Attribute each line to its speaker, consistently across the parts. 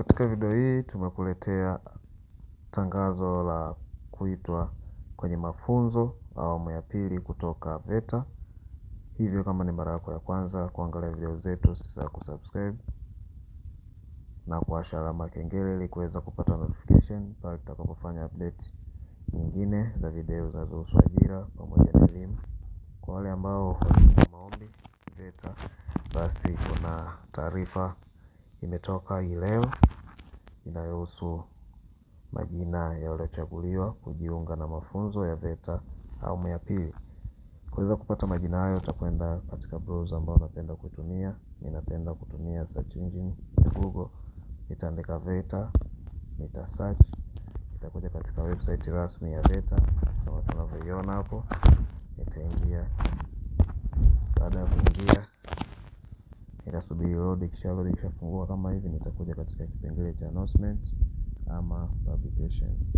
Speaker 1: Katika video hii tumekuletea tangazo la kuitwa kwenye mafunzo awamu ya pili kutoka VETA. Hivyo kama ni mara yako ya kwanza kuangalia video zetu, usisahau kusubscribe na kuwasha alama kengele ili kuweza kupata notification pale tutakapofanya update nyingine za video zinazohusu ajira pamoja na elimu. Kwa wale ambao wana maombi VETA, basi kuna taarifa imetoka hii leo inayohusu majina ya waliochaguliwa kujiunga na mafunzo ya VETA awamu ya pili. Kuweza kupata majina hayo, utakwenda katika browser ambayo unapenda kutumia. Ninapenda kutumia search engine ya Google. Nitaandika VETA, nita search, nitakuja katika website rasmi ya VETA kama tunavyoiona hapo. Nitaingia. Baada ya kuingia nikasubiri load. Kisha load ikishafungua kama hivi, nitakuja katika kipengele cha announcement ama publications.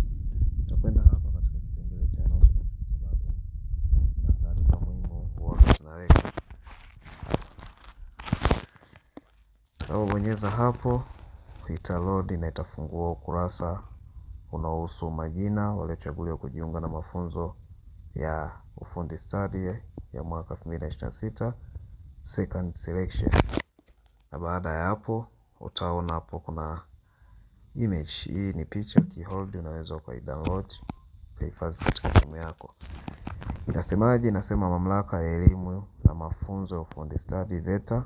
Speaker 1: Tutakwenda hapa katika kipengele cha announcement kwa sababu kuna taarifa muhimu huwa zinaweka. Utakapobonyeza hapo ita load na itafungua ukurasa unaohusu majina waliochaguliwa kujiunga na mafunzo ya ufundi stadi ya mwaka 2026 second selection na baada ya hapo utaona hapo kuna image hii ni picha ukihold unaweza kwa download kuhifadhi katika simu yako inasemaje inasema mamlaka ya elimu na mafunzo ya ufundi stadi VETA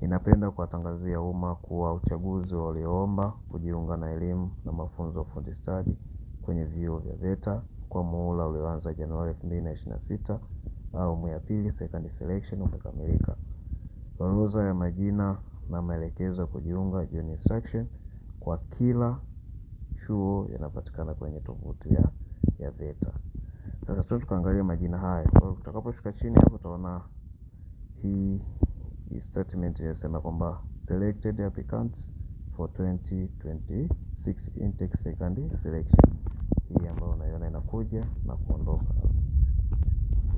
Speaker 1: inapenda kuwatangazia umma kuwa uchaguzi walioomba kujiunga na elimu na mafunzo ya ufundi stadi kwenye vyuo vya VETA kwa muhula ulioanza Januari 2026 au awamu ya pili second selection umekamilika orodha ya majina na maelekezo ya kujiunga Join Instruction kwa kila chuo yanapatikana kwenye tovuti ya, ya VETA. Sasa tuende tukaangalia majina haya. Kwa hiyo tutakaposhuka chini hapo utaona hii statement inasema kwamba selected applicants for 2026 intake second selection, hii ambayo unaiona inakuja na kuondoka.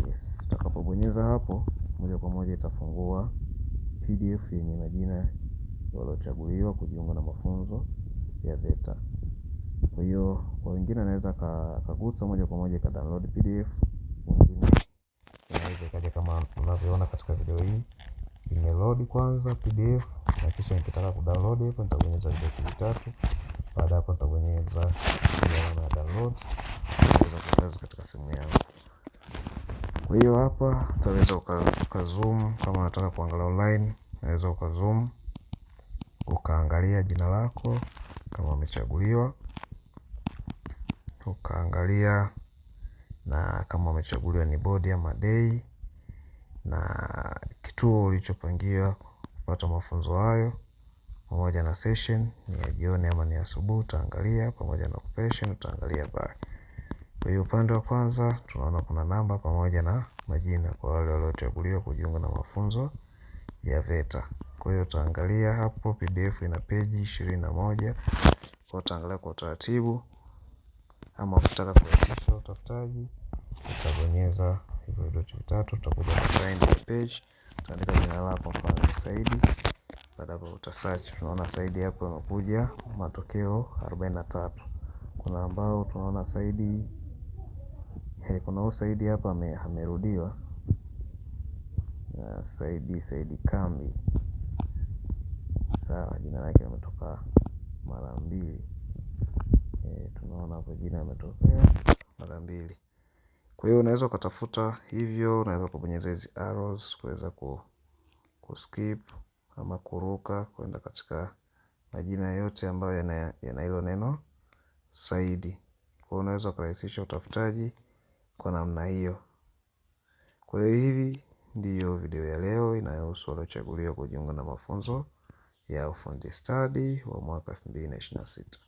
Speaker 1: Yes, utakapobonyeza hapo moja kwa moja itafungua PDF yenye majina waliochaguliwa kujiunga na mafunzo ya VETA. Kwa hiyo kwa wengine anaweza akagusa moja kwa moja ka download PDF, wengine anaweza ikaja kama unavyoona katika video hii imeload kwanza PDF na kisha nikitaka kudownload hapo nitabonyeza vidoti tatu. Baada hapo nitabonyeza alama ya download, naweza kuangaza katika simu yangu. Kwa hiyo hapa utaweza ukazoom kama unataka kuangalia online, unaweza ukazoom ukaangalia jina lako kama umechaguliwa, ukaangalia na kama umechaguliwa ni bodi ama day na kituo ulichopangia kupata mafunzo hayo pamoja na session ni ya jioni ama ni asubuhi utaangalia, pamoja na occupation utaangalia baadaye hiyo upande wa kwanza tunaona kuna namba pamoja na majina kwa wale waliochaguliwa kujiunga na mafunzo ya VETA. Kwa hiyo utaangalia hapo PDF ina peji ishirini na moja kwa utaangalia kwa utaratibu, ama ukitaka kuanzisha utafutaji utabonyeza hivyo vidoti vitatu, utakuja find the page, utaandika jina lako, mfano Saidi. Baada hapo uta search, tunaona Saidi hapo unakuja matokeo 43 kuna ambao tunaona Saidi Hey, eh, kuna huu Saidi hapa amerudiwa. Eh, Saidi Saidi Kambi, sawa, jina lake limetoka mara mbili. E, tunaona hapo jina ametokea mara mbili. Kwa hiyo unaweza ukatafuta hivyo, unaweza kubonyeza hizi arrows kuweza ku kuskip ama kuruka kwenda katika majina yote ambayo yana hilo neno Saidi. Kwa hiyo unaweza kurahisisha utafutaji kwa namna hiyo. Kwa hiyo hivi ndiyo video ya leo inayohusu waliochaguliwa kujiunga na mafunzo ya ufundi stadi wa mwaka elfu mbili na ishirini na sita.